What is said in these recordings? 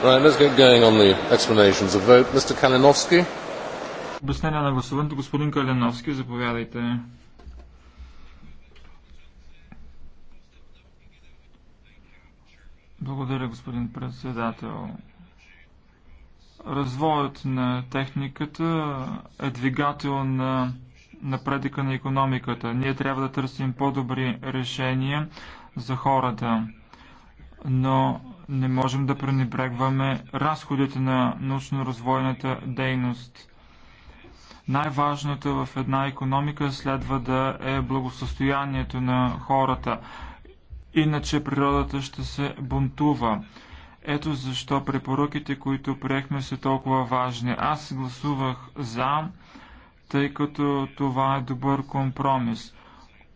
Right, let's get going on the explanations of vote. Mr. Kalinowski. Обяснение на гласуването. Господин Калиновски, заповядайте. Благодаря, господин председател. Развоят на техниката е двигател на напредъка на економиката. Ние трябва да търсим по-добри решения за хората. Но не можем да пренебрегваме разходите на научно-развойната дейност. Най-важното в една економика следва да е благосостоянието на хората. Иначе природата ще се бунтува. Ето защо препоръките, които приехме, са толкова важни. Аз гласувах за, тъй като това е добър компромис.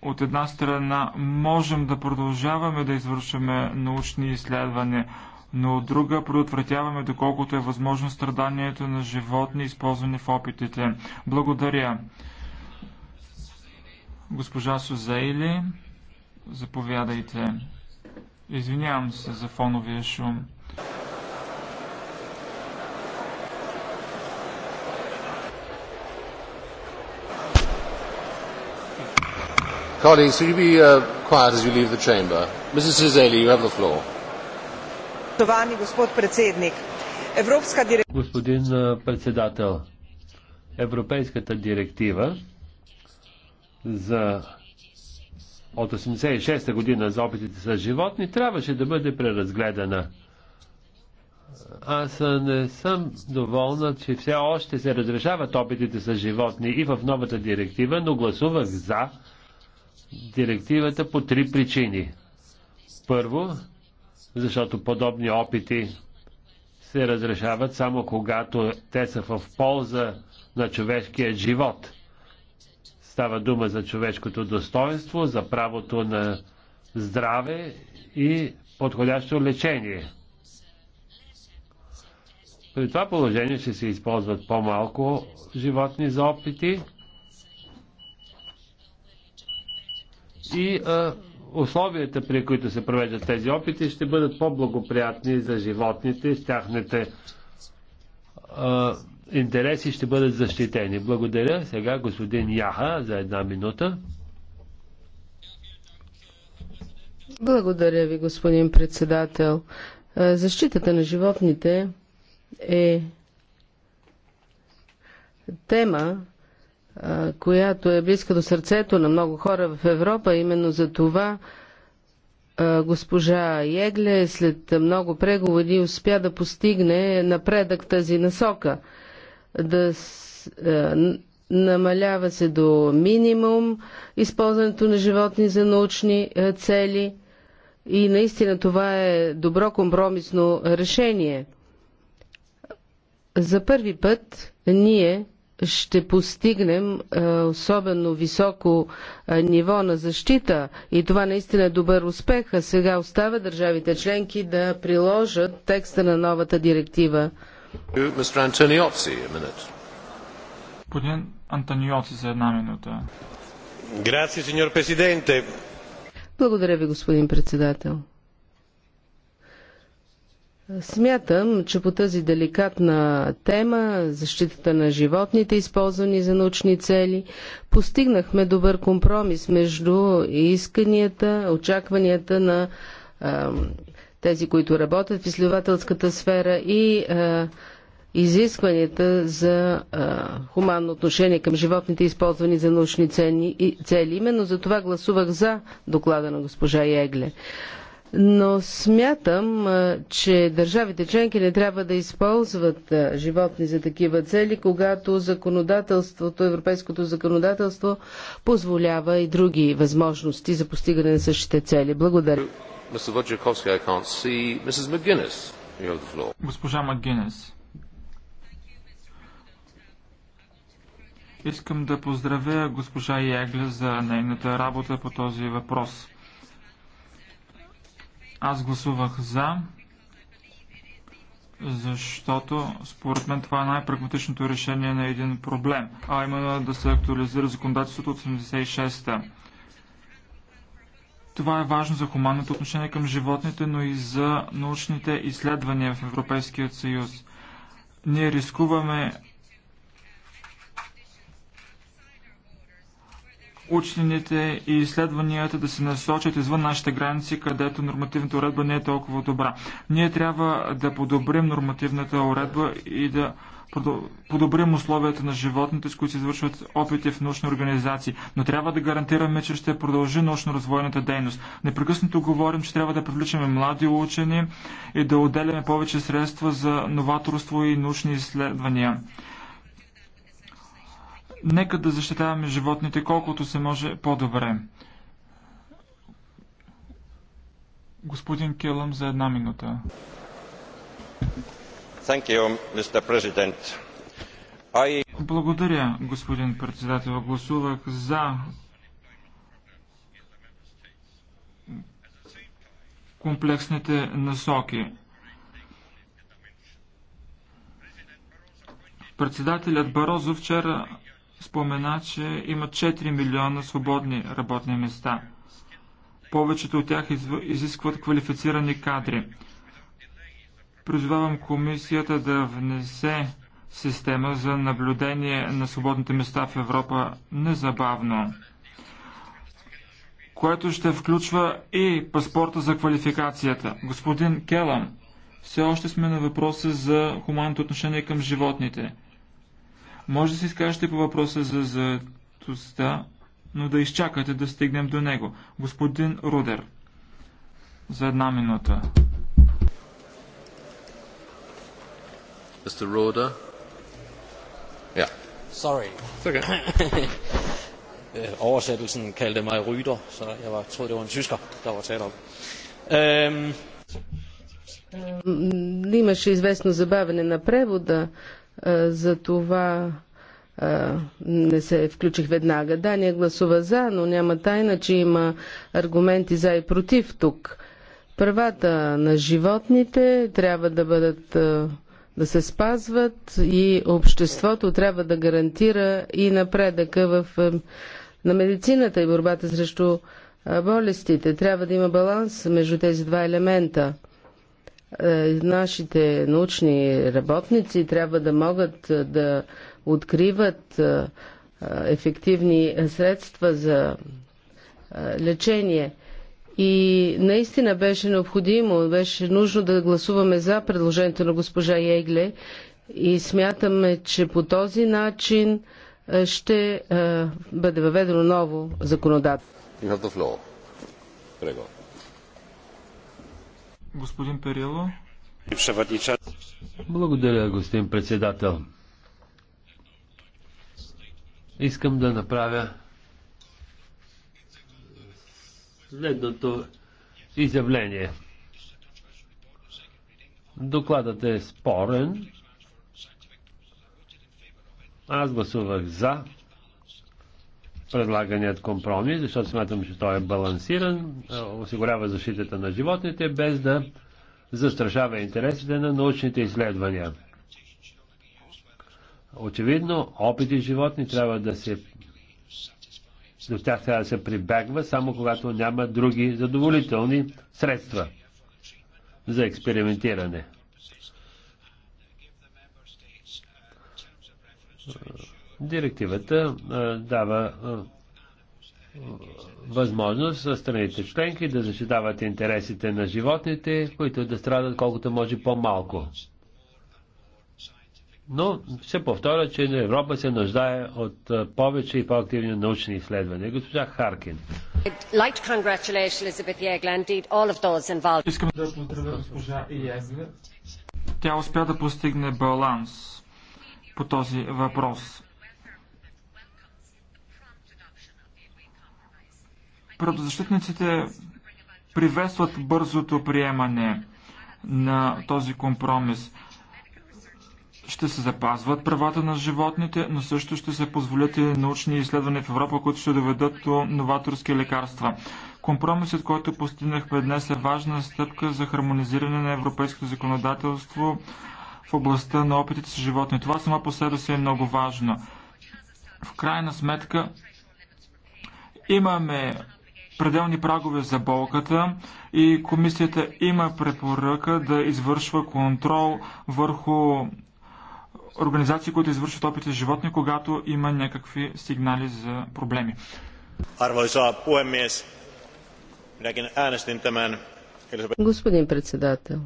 От една страна можем да продължаваме да извършваме научни изследвания, но от друга предотвратяваме доколкото е възможно страданието на животни, използвани в опитите. Благодаря. Госпожа Сузейли, заповядайте. Извинявам се за фоновия шум. Colleagues, will you be uh, quiet as you leave the chamber? Mrs. Cizeli, you have the floor. Господин председател, Европейската директива за от 86-та година за опитите с животни трябваше да бъде преразгледана. Аз не съм доволна, че все още се разрешават опитите с животни и в новата директива, но гласувах за директивата по три причини. Първо, защото подобни опити се разрешават само когато те са в полза на човешкия живот. Става дума за човешкото достоинство, за правото на здраве и подходящо лечение. При това положение ще се използват по-малко животни за опити и а, условията, при които се провеждат тези опити, ще бъдат по-благоприятни за животните, с тяхните а, интереси ще бъдат защитени. Благодаря сега господин Яха за една минута. Благодаря ви, господин председател. Защитата на животните е тема, която е близка до сърцето на много хора в Европа. Именно за това госпожа Егле след много преговори успя да постигне напредък тази насока. Да намалява се до минимум използването на животни за научни цели и наистина това е добро компромисно решение. За първи път ние ще постигнем е, особено високо е, ниво на защита и това наистина е добър успех, а сега остава държавите членки да приложат текста на новата директива. Господин Антониоци за една минута. Благодаря ви, господин председател. Смятам, че по тази деликатна тема, защитата на животните, използвани за научни цели, постигнахме добър компромис между исканията, очакванията на а, тези, които работят в изследователската сфера и а, изискванията за а, хуманно отношение към животните, използвани за научни цели. Именно за това гласувах за доклада на госпожа Егле но смятам, че държавите членки не трябва да използват животни за такива цели, когато законодателството, европейското законодателство позволява и други възможности за постигане на същите цели. Благодаря. Госпожа Магинес. Искам да поздравя госпожа Ягле за нейната работа по този въпрос. Аз гласувах за, защото според мен това е най-прагматичното решение на един проблем, а именно да се актуализира законодателството от 86-та. Това е важно за хуманното отношение към животните, но и за научните изследвания в Европейския съюз. Ние рискуваме учените и изследванията да се насочат извън нашите граници, където нормативната уредба не е толкова добра. Ние трябва да подобрим нормативната уредба и да подобрим условията на животните, с които се извършват опити в научни организации. Но трябва да гарантираме, че ще продължи научно-развойната дейност. Непрекъснато говорим, че трябва да привличаме млади учени и да отделяме повече средства за новаторство и научни изследвания. Нека да защитаваме животните колкото се може по-добре. Господин Келъм за една минута. You, I... Благодаря, господин председател. Гласувах за комплексните насоки. Председателят Барозо вчера спомена, че има 4 милиона свободни работни места. Повечето от тях изискват квалифицирани кадри. Призовавам комисията да внесе система за наблюдение на свободните места в Европа незабавно, което ще включва и паспорта за квалификацията. Господин Келам, все още сме на въпроса за хуманното отношение към животните – може да се изкажете по въпроса за затостта, но да изчакате да стигнем до него. Господин Рудер, за една минута. Mr. Roder? Ja. Sorry. It's Okay. Øh, oversættelsen kaldte mig Ryder, så jeg var, troede, det var en tysker, der var tale om. Um... Имаше известно забавене на превода. Е, за това е, не се включих веднага. ние гласува за, но няма тайна, че има аргументи за и против тук. Правата на животните трябва да бъдат е, да се спазват и обществото трябва да гарантира и напредъка в, на медицината и борбата срещу болестите. Трябва да има баланс между тези два елемента – е, нашите научни работници трябва да могат е, да откриват е, ефективни средства за лечение. И наистина беше необходимо, беше нужно да гласуваме за предложението на госпожа Егле и смятаме, че по този начин ще бъде въведено ново законодателство. Господин Перило. Благодаря, господин председател. Искам да направя следното изявление. Докладът е спорен. Аз гласувах за предлаганият компромис, защото смятам, че той е балансиран, е, осигурява защитата на животните, без да застрашава интересите на научните изследвания. Очевидно, опити животни трябва да се до тях трябва да се прибягва, само когато няма други задоволителни средства за експериментиране. Директивата дава възможност за страните членки да защитават интересите на животните, които да страдат колкото може по-малко. Но се повторя, че Европа се нуждае от повече и по-активни научни изследвания. Госпожа Харкин. Искам да поздравя госпожа Иегле. Тя успя да постигне баланс по този въпрос. Правозащитниците приветстват бързото приемане на този компромис. Ще се запазват правата на животните, но също ще се позволят и научни изследвания в Европа, които ще доведат до новаторски лекарства. Компромисът, който постигнахме днес е важна стъпка за хармонизиране на европейското законодателство в областта на опитите с животни. Това само по себе си е много важно. В крайна сметка имаме пределни прагове за болката и комисията има препоръка да извършва контрол върху организации, които извършват опити с животни, когато има някакви сигнали за проблеми. Господин председател,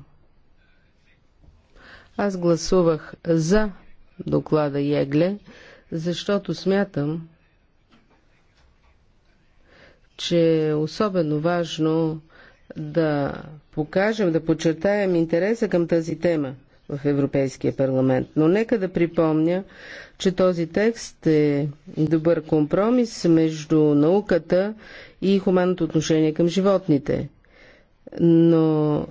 аз гласувах за доклада Егле, защото смятам, че е особено важно да покажем, да подчертаем интереса към тази тема в Европейския парламент. Но нека да припомня, че този текст е добър компромис между науката и хуманното отношение към животните. Но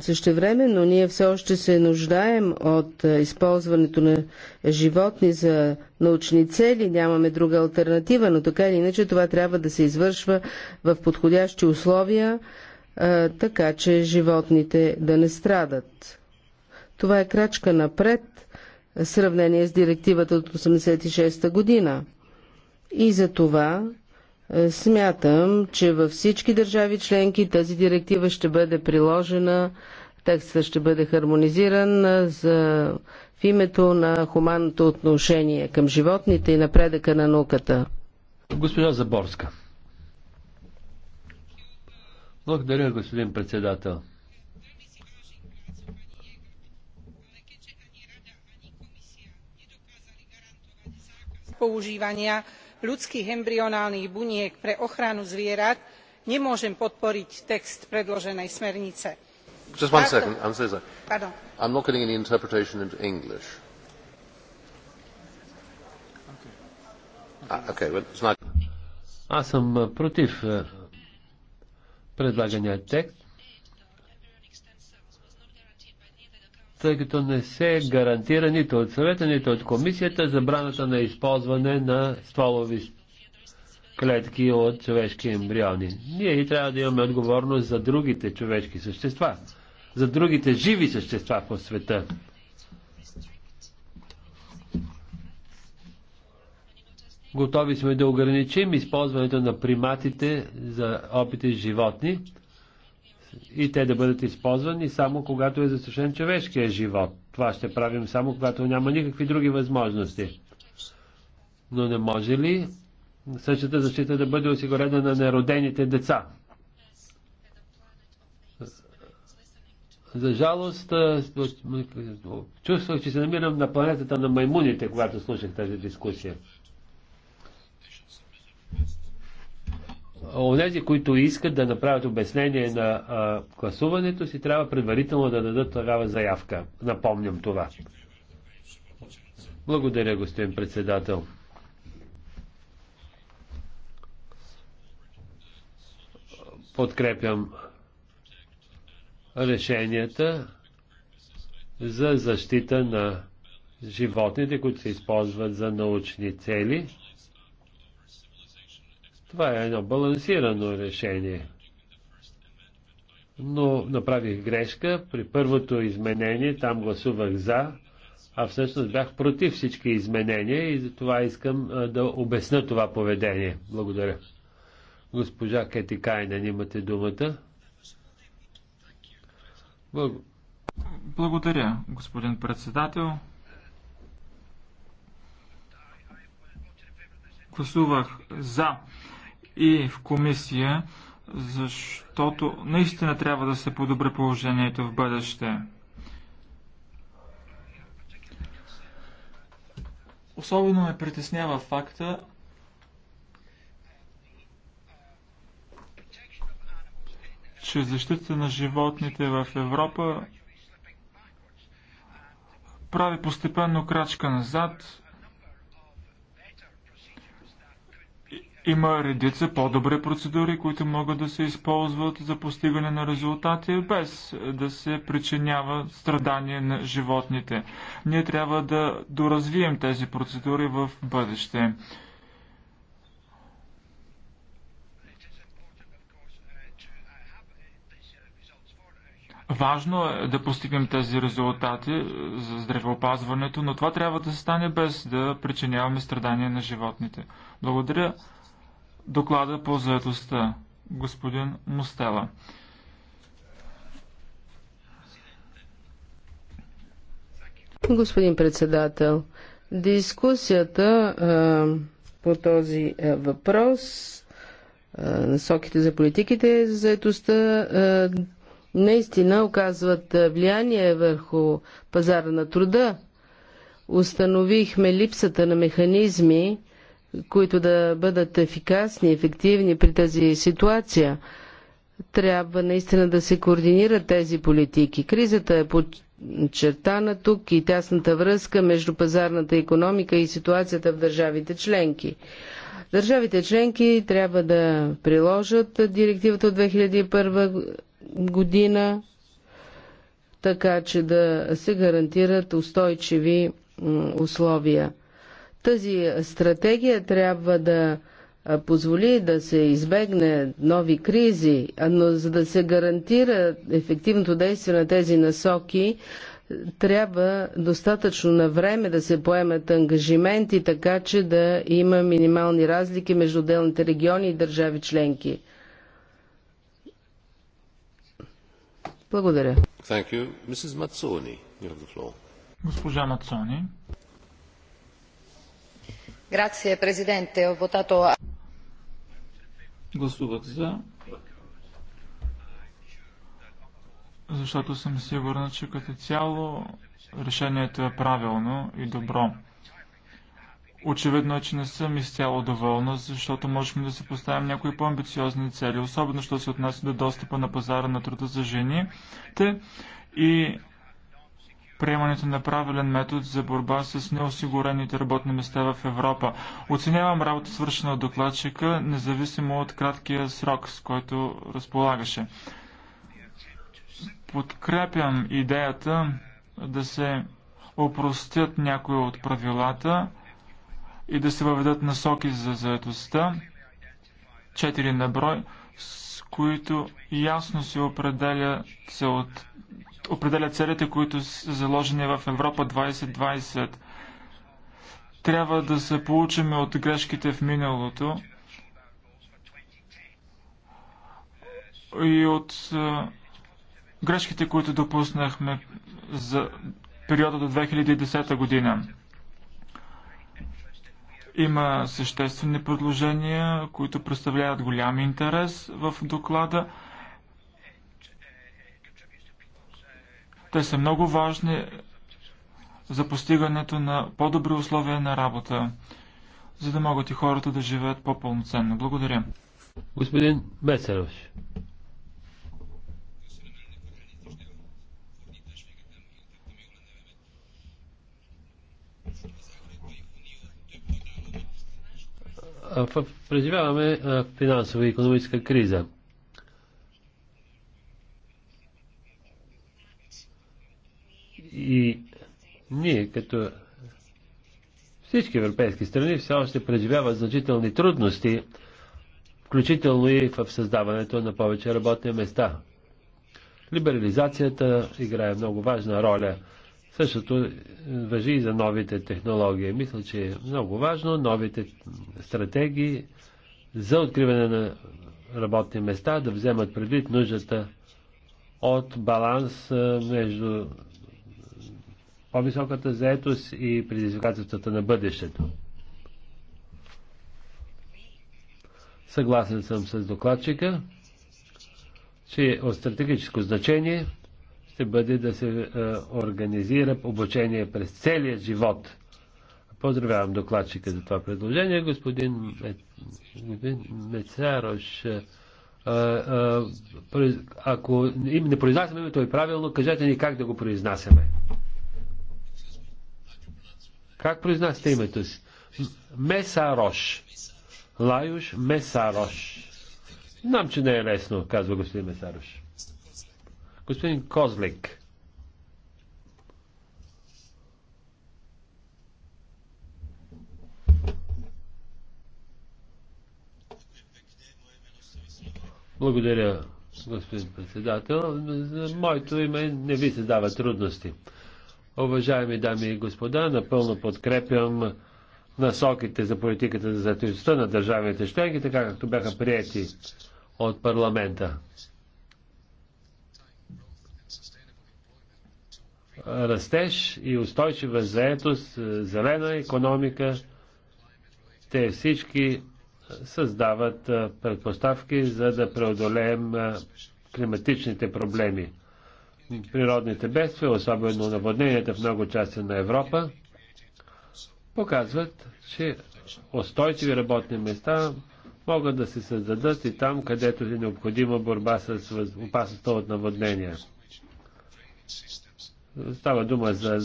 Същевременно ние все още се нуждаем от е, използването на животни за научни цели, нямаме друга альтернатива, но така или иначе това трябва да се извършва в подходящи условия, е, така че животните да не страдат. Това е крачка напред в сравнение с директивата от 86-та година. И за това Смятам, че във всички държави членки тази директива ще бъде приложена, текстът ще бъде хармонизиран за, в името на хуманното отношение към животните и напредъка на науката. Госпожа Заборска. Благодаря, господин председател ľudských embryonálnych buniek pre ochranu zvierat nemôžem podporiť text predloženej smernice. Аз съм против предлагания текст. тъй като не се гарантира нито от съвета, нито от комисията забраната на използване на стволови клетки от човешки ембриони. Ние и трябва да имаме отговорност за другите човешки същества, за другите живи същества по света. Готови сме да ограничим използването на приматите за опити с животни, и те да бъдат използвани само когато е застрашен човешкия живот. Това ще правим само когато няма никакви други възможности. Но не може ли същата защита да бъде осигурена на неродените деца? За жалост, чувствах, че се намирам на планетата на маймуните, когато слушах тази дискусия. онези, които искат да направят обяснение на а, класуването си, трябва предварително да дадат такава заявка. Напомням това. Благодаря, господин председател. Подкрепям решенията за защита на животните, които се използват за научни цели това е едно балансирано решение. Но направих грешка при първото изменение, там гласувах за, а всъщност бях против всички изменения и за това искам да обясна това поведение. Благодаря. Госпожа Кети Кайнен, имате думата. Благ... Благодаря, господин председател. Гласувах за и в комисия, защото наистина трябва да се подобри положението в бъдеще. Особено ме притеснява факта, че защита на животните в Европа прави постепенно крачка назад Има редица по-добри процедури, които могат да се използват за постигане на резултати, без да се причинява страдание на животните. Ние трябва да доразвием тези процедури в бъдеще. Важно е да постигнем тези резултати за здравеопазването, но това трябва да се стане без да причиняваме страдания на животните. Благодаря доклада по заедостта, господин Мустава. Господин председател, дискусията а, по този а, въпрос, а, насоките за политиките за заедостта, наистина оказват влияние върху пазара на труда. Установихме липсата на механизми, които да бъдат ефикасни, ефективни при тази ситуация. Трябва наистина да се координират тези политики. Кризата е подчертана тук и тясната връзка между пазарната економика и ситуацията в държавите членки. Държавите членки трябва да приложат директивата от 2001 година, така че да се гарантират устойчиви условия. Тази стратегия трябва да позволи да се избегне нови кризи, но за да се гарантира ефективното действие на тези насоки, трябва достатъчно на време да се поемат ангажименти, така че да има минимални разлики между отделните региони и държави членки. Благодаря. Госпожа Мацони. Grazie, Presidente. Ho votato... Гласувах за, защото съм сигурна, че като цяло решението е правилно и добро. Очевидно е, че не съм изцяло доволна, защото можехме да се поставим някои по-амбициозни цели, особено що се отнася до достъпа на пазара на труда за жените и приемането на правилен метод за борба с неосигурените работни места в Европа. Оценявам работа свършена от докладчика, независимо от краткия срок, с който разполагаше. Подкрепям идеята да се опростят някои от правилата и да се въведат насоки за заедостта, 4 на брой, с които ясно се определя, цел... определя целите, които са заложени в Европа 2020. Трябва да се получим от грешките в миналото и от грешките, които допуснахме за периода до 2010 година. Има съществени предложения, които представляват голям интерес в доклада. Те са много важни за постигането на по-добри условия на работа, за да могат и хората да живеят по-пълноценно. Благодаря. Господин Бесерович, преживяваме финансова и економическа криза. И ние, като всички европейски страни, все още преживяват значителни трудности, включително и в създаването на повече работни места. Либерализацията играе много важна роля Същото е, въжи и за новите технологии. Мисля, че е много важно новите стратегии за откриване на работни места да вземат предвид нуждата от баланс е, между по-високата заетост и предизвикателствата на бъдещето. Съгласен съм с докладчика, че е от стратегическо значение – ще бъде да се е, организира обучение през целия живот. Поздравявам докладчика за това предложение. Господин Мецарош, е, е, ако им не произнасяме името и правилно, кажете ни как да го произнасяме. Как произнасяте името си? Месарош. Лаюш Месарош. Знам, че не е лесно, казва господин Месарош. Господин Козлик. Благодаря, господин председател. За моето име не ви се дава трудности. Уважаеми дами и господа, напълно подкрепям насоките за политиката за заетостта на държавите членки, така както бяха прияти от парламента. растеж и устойчива заетост, е, зелена економика, те всички създават е, предпоставки за да преодолеем е, климатичните проблеми. Природните бедствия, особено наводненията в много части на Европа, показват, че устойчиви работни места могат да се създадат и там, където е необходима борба с опасността от наводнения. Става дума за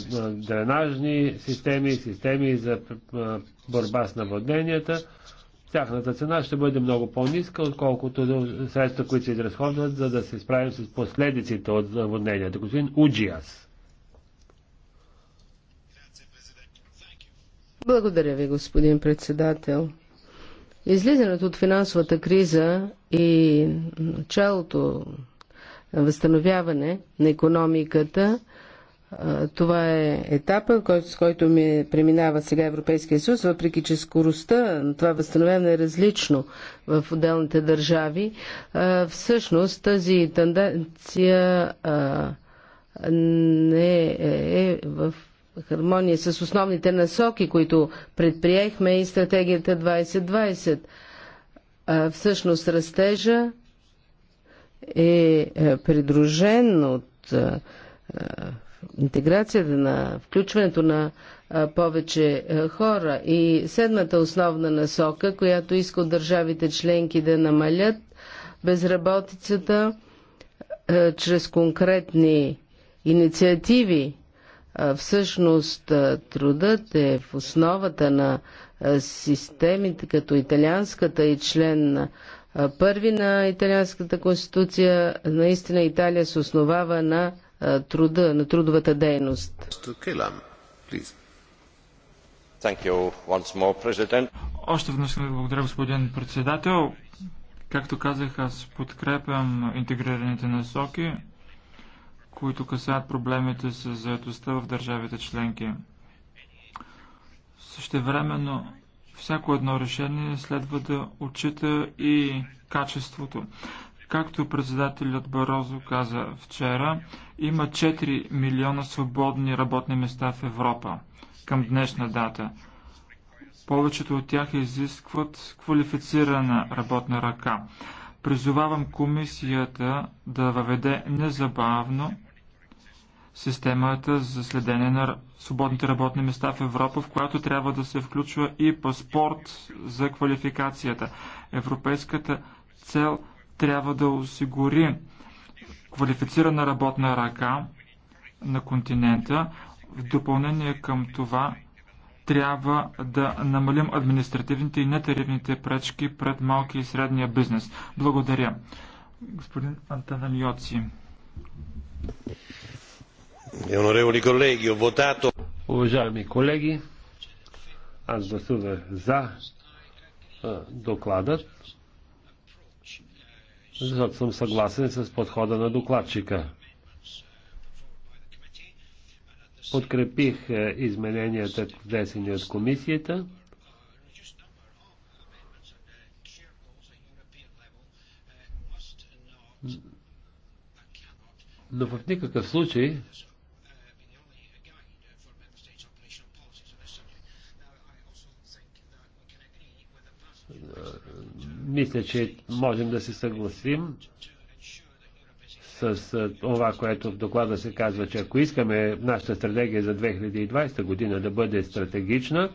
дренажни системи, системи за борба с наводненията. Тяхната цена ще бъде много по-ниска, отколкото средства, които се изразходват, за да се справим с последиците от наводненията. Господин Уджиас. Благодаря ви, господин председател. Излизането от финансовата криза и началото възстановяване на економиката това е етапа, с който ми преминава сега Европейския съюз, въпреки че скоростта на това възстановяване е различно в отделните държави. Всъщност тази тенденция не е, е в хармония с основните насоки, които предприехме и стратегията 2020. Всъщност растежа е, е придружен от интеграцията, на включването на повече хора. И седмата основна насока, която иска от държавите членки да намалят безработицата чрез конкретни инициативи. Всъщност трудът е в основата на системите като италианската и член първи на италианската конституция. Наистина Италия се основава на е, труда, на трудовата дейност. Още веднъж благодаря, господин председател. Както казах, аз подкрепям интегрираните насоки, които касаят проблемите с заедостта в държавите членки. Същевременно, всяко едно решение следва да отчита и качеството Както председателят Барозо каза вчера, има 4 милиона свободни работни места в Европа към днешна дата. Повечето от тях изискват квалифицирана работна ръка. Призовавам комисията да въведе незабавно системата за следение на свободните работни места в Европа, в която трябва да се включва и паспорт за квалификацията. Европейската цел – трябва да осигури квалифицирана работна ръка на континента. В допълнение към това трябва да намалим административните и нетарифните пречки пред малки и средния бизнес. Благодаря. Господин Антанан Йоци. Уважаеми колеги, аз гласувах за докладът защото съм съгласен с подхода на докладчика. Подкрепих е, измененията, внесени от комисията. Но в никакъв случай Мисля, че можем да се съгласим с това, което в доклада се казва, че ако искаме нашата стратегия за 2020 година да бъде стратегична,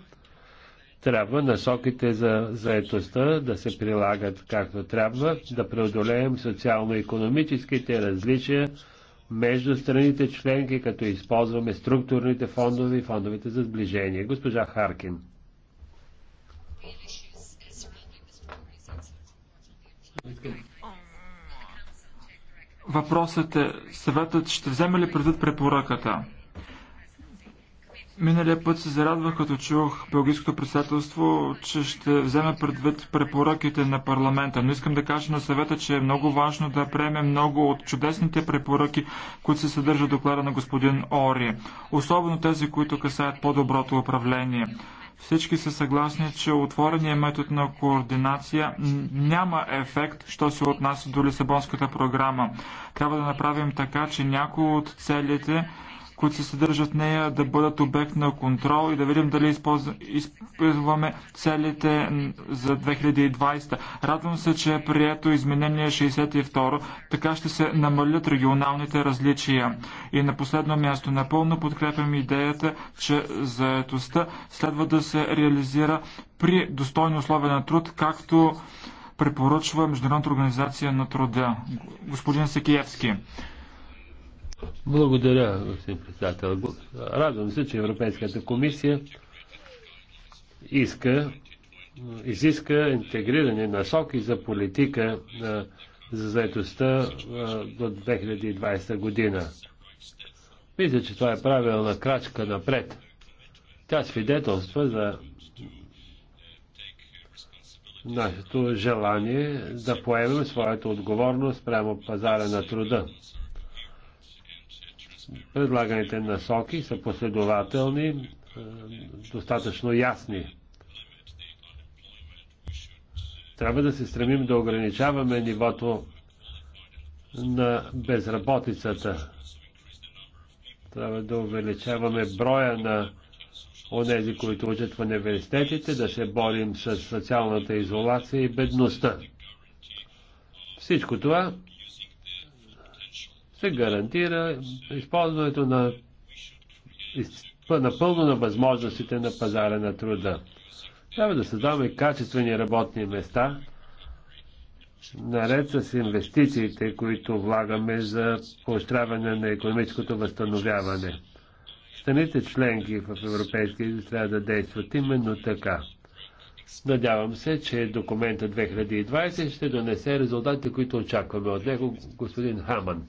трябва насоките за заетостта да се прилагат както трябва, да преодолеем социално-економическите различия между страните членки, като използваме структурните фондове и фондовете за сближение. Госпожа Харкин. Въпросът е, съветът ще вземе ли предвид препоръката? Миналия път се зарадвах, като чух Белгийското председателство, че ще вземе предвид препоръките на парламента. Но искам да кажа на съвета, че е много важно да приеме много от чудесните препоръки, които се съдържат в доклада на господин Ори. Особено тези, които касаят по-доброто управление. Всички са съгласни, че отворения метод на координация няма ефект, що се отнася до Лисабонската програма. Трябва да направим така, че някои от целите които се съдържат в нея, да бъдат обект на контрол и да видим дали използваме целите за 2020. Радвам се, че е прието изменение 62. Така ще се намалят регионалните различия. И на последно място напълно подкрепям идеята, че заетостта следва да се реализира при достойно условия на труд, както препоръчва Международната организация на труда. Господин Секиевски. Благодаря, господин председател. Радвам се, че Европейската комисия иска, изиска интегриране насоки за политика за заедостта до 2020 година. Мисля, че това е правилна крачка напред. Тя свидетелства за нашето желание да поемем своята отговорност прямо пазара на труда. Предлаганите насоки са последователни, е, достатъчно ясни. Трябва да се стремим да ограничаваме нивото на безработицата. Трябва да увеличаваме броя на онези, които учат в университетите, да се борим с социалната изолация и бедността. Всичко това се гарантира използването на напълно на възможностите на пазара на труда. Трябва да създаваме качествени работни места, наред с инвестициите, които влагаме за поощряване на економическото възстановяване. Страните членки в Европейския съюз трябва да действат именно така. Надявам се, че документа 2020 ще донесе резултатите, които очакваме от него господин Хаман.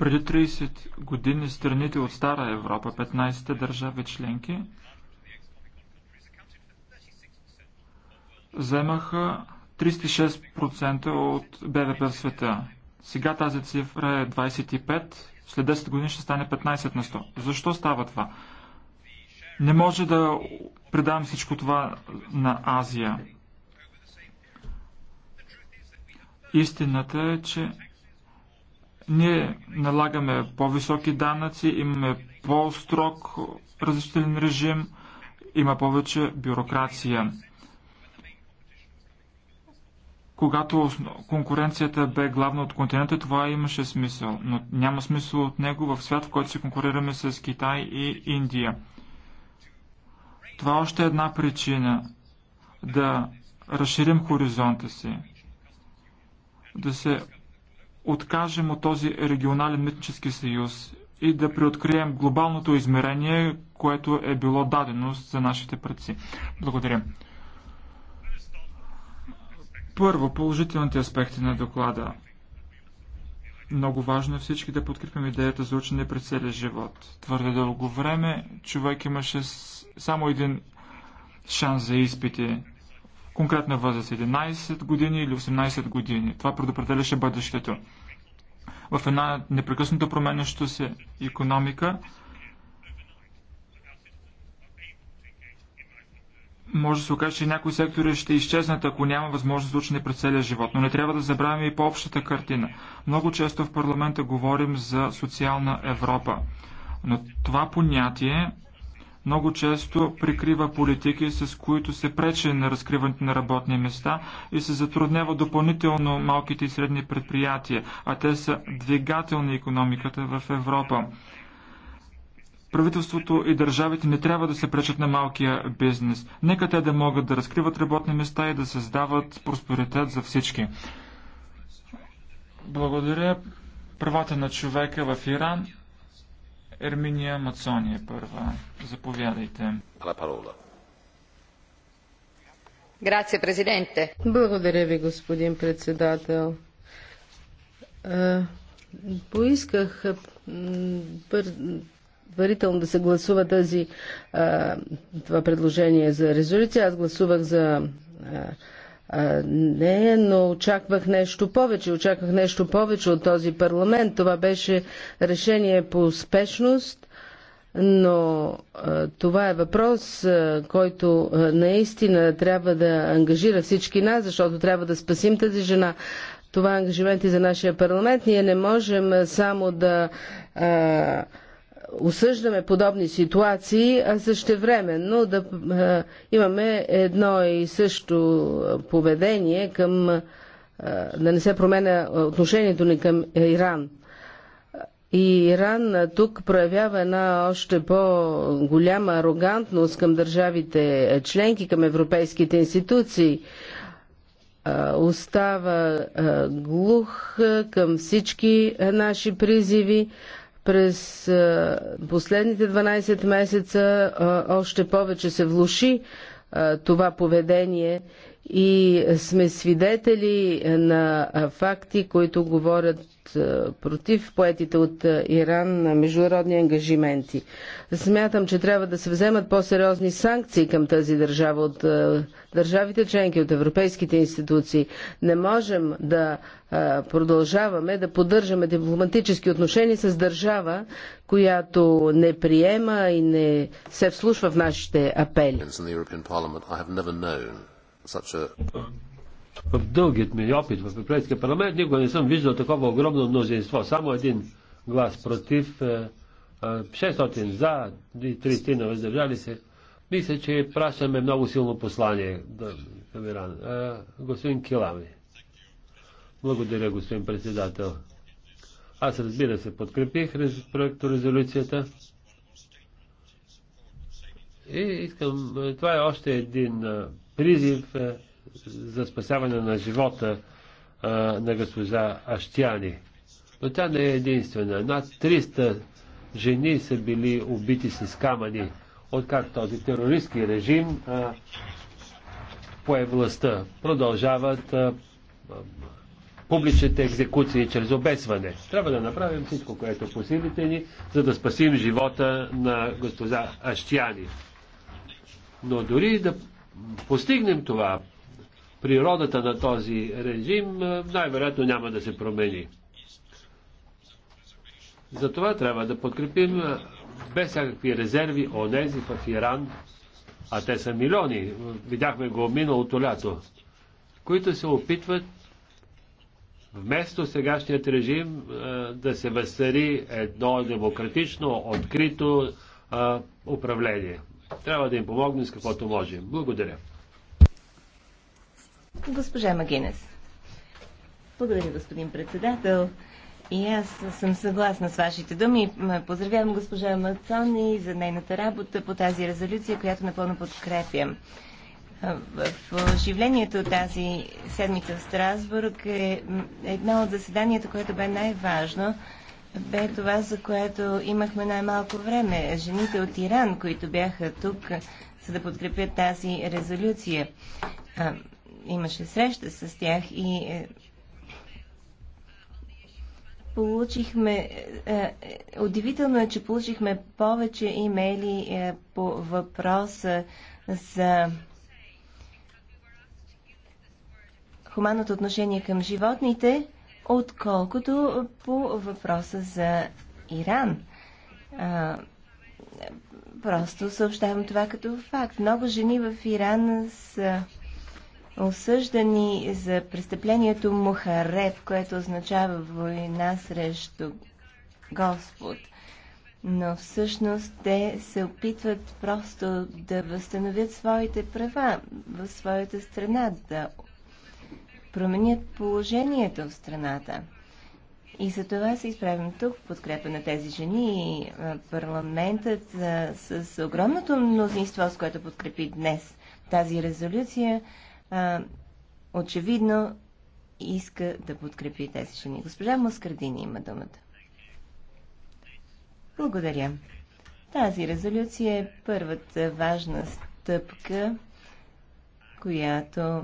Преди 30 години страните от Стара Европа, 15-те държави членки, вземаха 36% от БВП в света. Сега тази цифра е 25, след 10 години ще стане 15 на 100. Защо става това? Не може да предам всичко това на Азия. Истината е, че ние налагаме по-високи данъци, имаме по-строг разрешителен режим, има повече бюрокрация. Когато конкуренцията бе главна от континента, това имаше смисъл, но няма смисъл от него в свят, в който се конкурираме с Китай и Индия. Това е още една причина да разширим хоризонта си, да се откажем от този регионален митнически съюз и да преоткрием глобалното измерение, което е било дадено за нашите предци. Благодаря. Първо, положителните аспекти на доклада. Много важно е всички да подкрепим идеята за учене през целия живот. Твърде дълго време човек имаше само един шанс за изпити. Конкретна възраст 11 години или 18 години. Това предопределяше бъдещето в една непрекъснато променяща се економика, може да се окаже, че някои сектори ще изчезнат, ако няма възможност за учене през целия живот. Но не трябва да забравяме и по-общата картина. Много често в парламента говорим за социална Европа. Но това понятие много често прикрива политики, с които се пречи на разкриването на работни места и се затруднява допълнително малките и средни предприятия, а те са двигател на економиката в Европа. Правителството и държавите не трябва да се пречат на малкия бизнес. Нека те да могат да разкриват работни места и да създават просперитет за всички. Благодаря правата на човека в Иран. Ерминия Мацония е първа. Заповядайте. Благодаря ви, господин председател. Поисках предварително да се гласува тази, това предложение за резолюция. Аз гласувах за а, не, но очаквах нещо повече. Очаквах нещо повече от този парламент. Това беше решение по успешност, но а, това е въпрос, а, който а, наистина трябва да ангажира всички нас, защото трябва да спасим тази жена. Това е ангажимент и за нашия парламент. Ние не можем само да. А, осъждаме подобни ситуации, а същевременно да имаме едно и също поведение към да не се променя отношението ни към Иран. И Иран тук проявява една още по-голяма арогантност към държавите членки, към европейските институции. Остава глух към всички наши призиви. През последните 12 месеца още повече се влуши това поведение и сме свидетели на факти, които говорят против поетите от Иран на международни ангажименти. Смятам, че трябва да се вземат по-сериозни санкции към тази държава от държавите членки, от европейските институции. Не можем да продължаваме да поддържаме дипломатически отношения с държава, която не приема и не се вслушва в нашите апели such a... В дългият ми опит в Европейския парламент никога не съм виждал такова огромно мнозинство. Само един глас против, 600 е, е, за и 300 на въздържали се. Мисля, че пращаме много силно послание към Иран. Е, господин Килами. Благодаря, господин председател. Аз разбира се подкрепих проекто резолюцията. И искам, това е още един призив е, за спасяване на живота е, на госпожа Аштяни. Но тя не е единствена. Над 300 жени са били убити с камъни, откак този терористски режим е, пое властта. Продължават публичните екзекуции чрез обесване. Трябва да направим всичко, което по силите ни, за да спасим живота на госпожа Аштяни. Но дори да постигнем това, природата на този режим е, най-вероятно няма да се промени. Затова трябва да подкрепим е, без всякакви резерви онези в Иран, а те са милиони, видяхме го миналото лято, които се опитват вместо сегашният режим е, да се възцари едно демократично, открито управление. Трябва да им помогнем с каквото можем. Благодаря. Госпожа Магинес. Благодаря, господин председател. И аз съм съгласна с вашите думи. Поздравявам госпожа Мацони за нейната работа по тази резолюция, която напълно подкрепям. В оживлението от тази седмица в Страсбург е едно от заседанията, което бе най-важно бе това, за което имахме най-малко време. Жените от Иран, които бяха тук, за да подкрепят тази резолюция. А, имаше среща с тях и е, получихме. Е, е удивително е, че получихме повече имейли е, по въпроса за хуманното отношение към животните отколкото по въпроса за Иран. А, просто съобщавам това като факт. Много жени в Иран са осъждани за престъплението Мухареб, което означава война срещу Господ. Но всъщност те се опитват просто да възстановят своите права в своята страна, да променят положението в страната. И за това се изправим тук в подкрепа на тези жени и парламентът с, с огромното мнозинство, с което подкрепи днес тази резолюция, а, очевидно иска да подкрепи тези жени. Госпожа Маскардини има думата. Благодаря. Тази резолюция е първата важна стъпка, която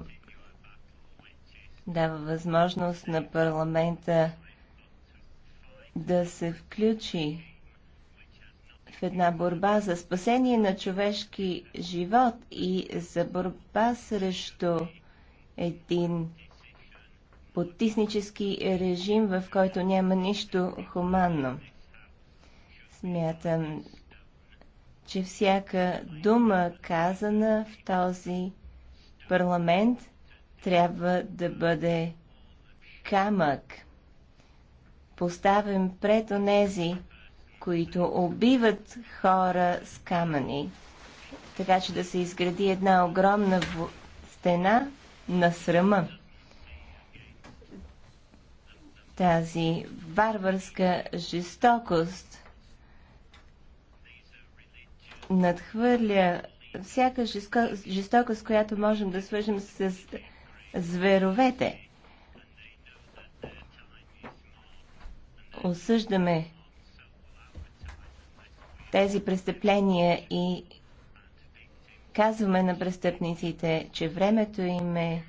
дава възможност на парламента да се включи в една борба за спасение на човешки живот и за борба срещу един потиснически режим, в който няма нищо хуманно. Смятам, че всяка дума казана в този парламент – трябва да бъде камък, поставен пред онези, които убиват хора с камъни, така че да се изгради една огромна стена на срама. Тази варварска жестокост надхвърля всяка жестокост, която можем да свържем с зверовете. Осъждаме тези престъпления и казваме на престъпниците, че времето им е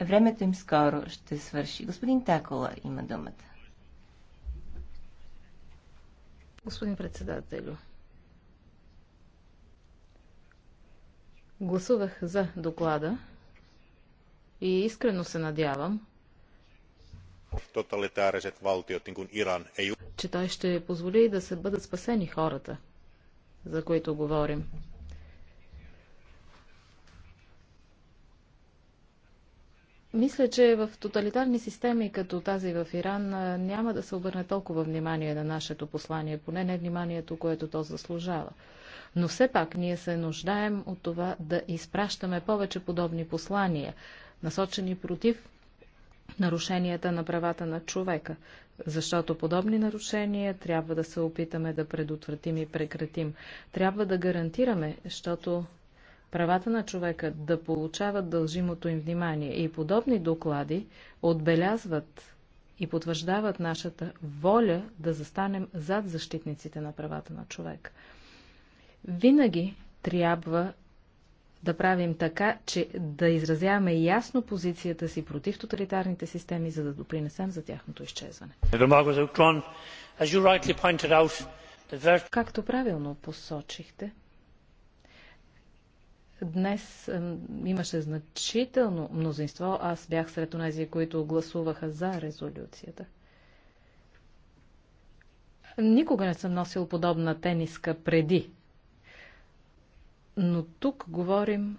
времето им скоро ще свърши. Господин Такола има думата. Господин председателю, гласувах за доклада, и искрено се надявам, е че той ще позволи да се бъдат спасени хората, за които говорим. Мисля, че в тоталитарни системи, като тази в Иран, няма да се обърне толкова внимание на нашето послание, поне не вниманието, което то заслужава. Но все пак ние се нуждаем от това да изпращаме повече подобни послания, насочени против нарушенията на правата на човека, защото подобни нарушения трябва да се опитаме да предотвратим и прекратим. Трябва да гарантираме, защото правата на човека да получават дължимото им внимание. И подобни доклади отбелязват и потвърждават нашата воля да застанем зад защитниците на правата на човек. Винаги трябва да правим така, че да изразяваме ясно позицията си против тоталитарните системи, за да допринесем за тяхното изчезване. Както правилно посочихте, Днес имаше значително мнозинство. Аз бях сред тези, които гласуваха за резолюцията. Никога не съм носил подобна тениска преди но тук говорим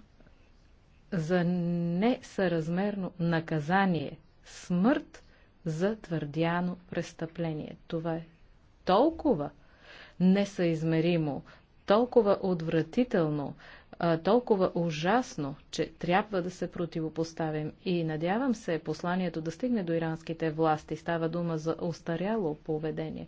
за несъразмерно наказание смърт за твърдяно престъпление. Това е толкова несъизмеримо, толкова отвратително, толкова ужасно, че трябва да се противопоставим. И надявам се посланието да стигне до иранските власти. Става дума за устаряло поведение.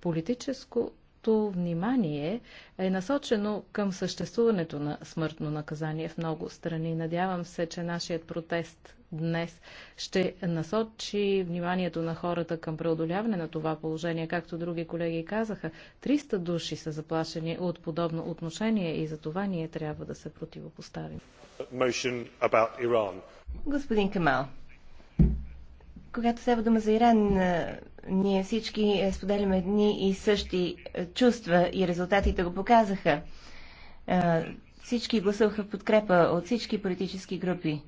Политическо Нашето внимание е насочено към съществуването на смъртно наказание в много страни. Надявам се, че нашият протест днес ще насочи вниманието на хората към преодоляване на това положение. Както други колеги казаха, 300 души са заплашени от подобно отношение и за това ние трябва да се противопоставим. Господин Камал, когато става дума за Иран, ние всички е, споделяме едни и същи е, чувства и резултатите го показаха. Е, всички гласуваха в подкрепа от всички политически групи.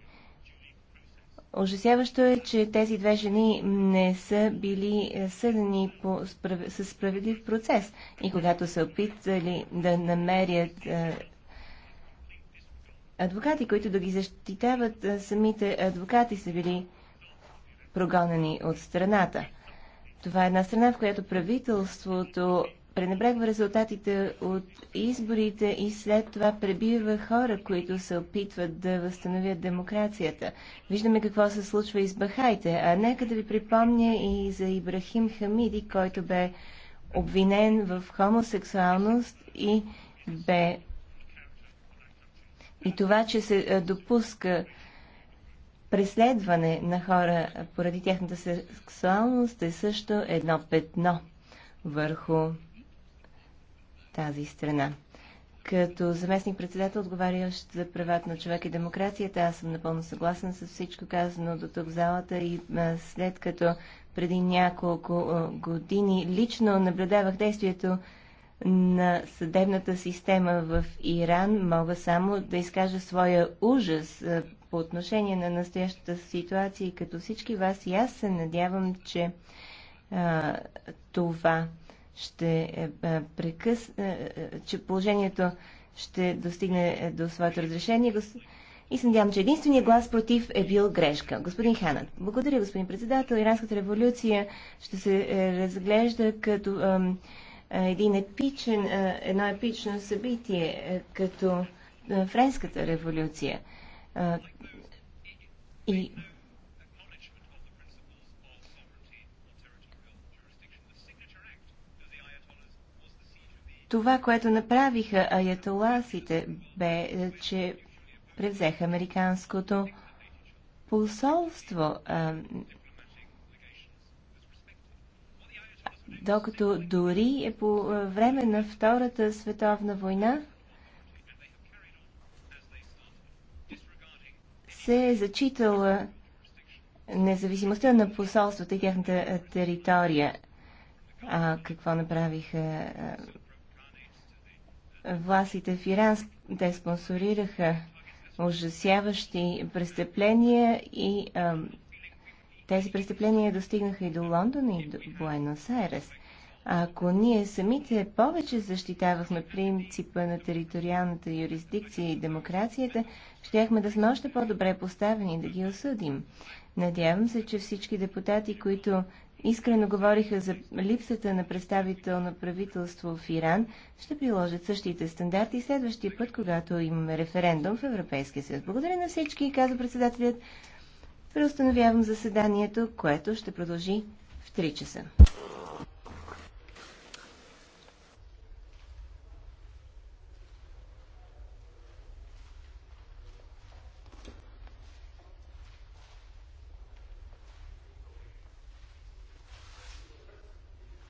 Ужасяващо е, че тези две жени не са били съдени по, справедлив процес. И когато са опитали да намерят адвокати, които да ги защитават, самите адвокати са били прогонени от страната. Това е една страна, в която правителството пренебрегва резултатите от изборите и след това пребива хора, които се опитват да възстановят демокрацията. Виждаме какво се случва и с Бахайте, а нека да ви припомня и за Ибрахим Хамиди, който бе обвинен в хомосексуалност и бе и това, че се допуска преследване на хора поради тяхната сексуалност е също едно петно върху тази страна. Като заместник председател, отговарящ за правата на човек и демокрацията, аз съм напълно съгласен с всичко казано до тук в залата и след като преди няколко години лично наблюдавах действието на съдебната система в Иран, мога само да изкажа своя ужас по отношение на настоящата ситуация и като всички вас и аз се надявам, че а, това ще а, е, е, прекъс... А, е, че положението ще достигне до своето разрешение. И се надявам, че единственият глас против е бил грешка. Господин Ханат, благодаря, господин председател. Иранската революция ще се разглежда като А, е, един епичен, е, едно епично събитие, е, като Френската революция. И това, което направиха аятоласите, бе, че превзеха американското посолство. докато дори е по време на Втората световна война се е зачитала независимостта на посолствата и тяхната територия. А какво направиха властите в Иран? Те спонсорираха ужасяващи престъпления и тези престъпления достигнаха и до Лондон, и до Буенос Айрес. Ако ние самите повече защитавахме принципа на териториалната юрисдикция и демокрацията, щяхме да сме още по-добре поставени да ги осъдим. Надявам се, че всички депутати, които искрено говориха за липсата на представително правителство в Иран, ще приложат същите стандарти следващия път, когато имаме референдум в Европейския съюз. Благодаря на всички, каза председателят. Преустановявам заседанието, което ще продължи в 3 часа.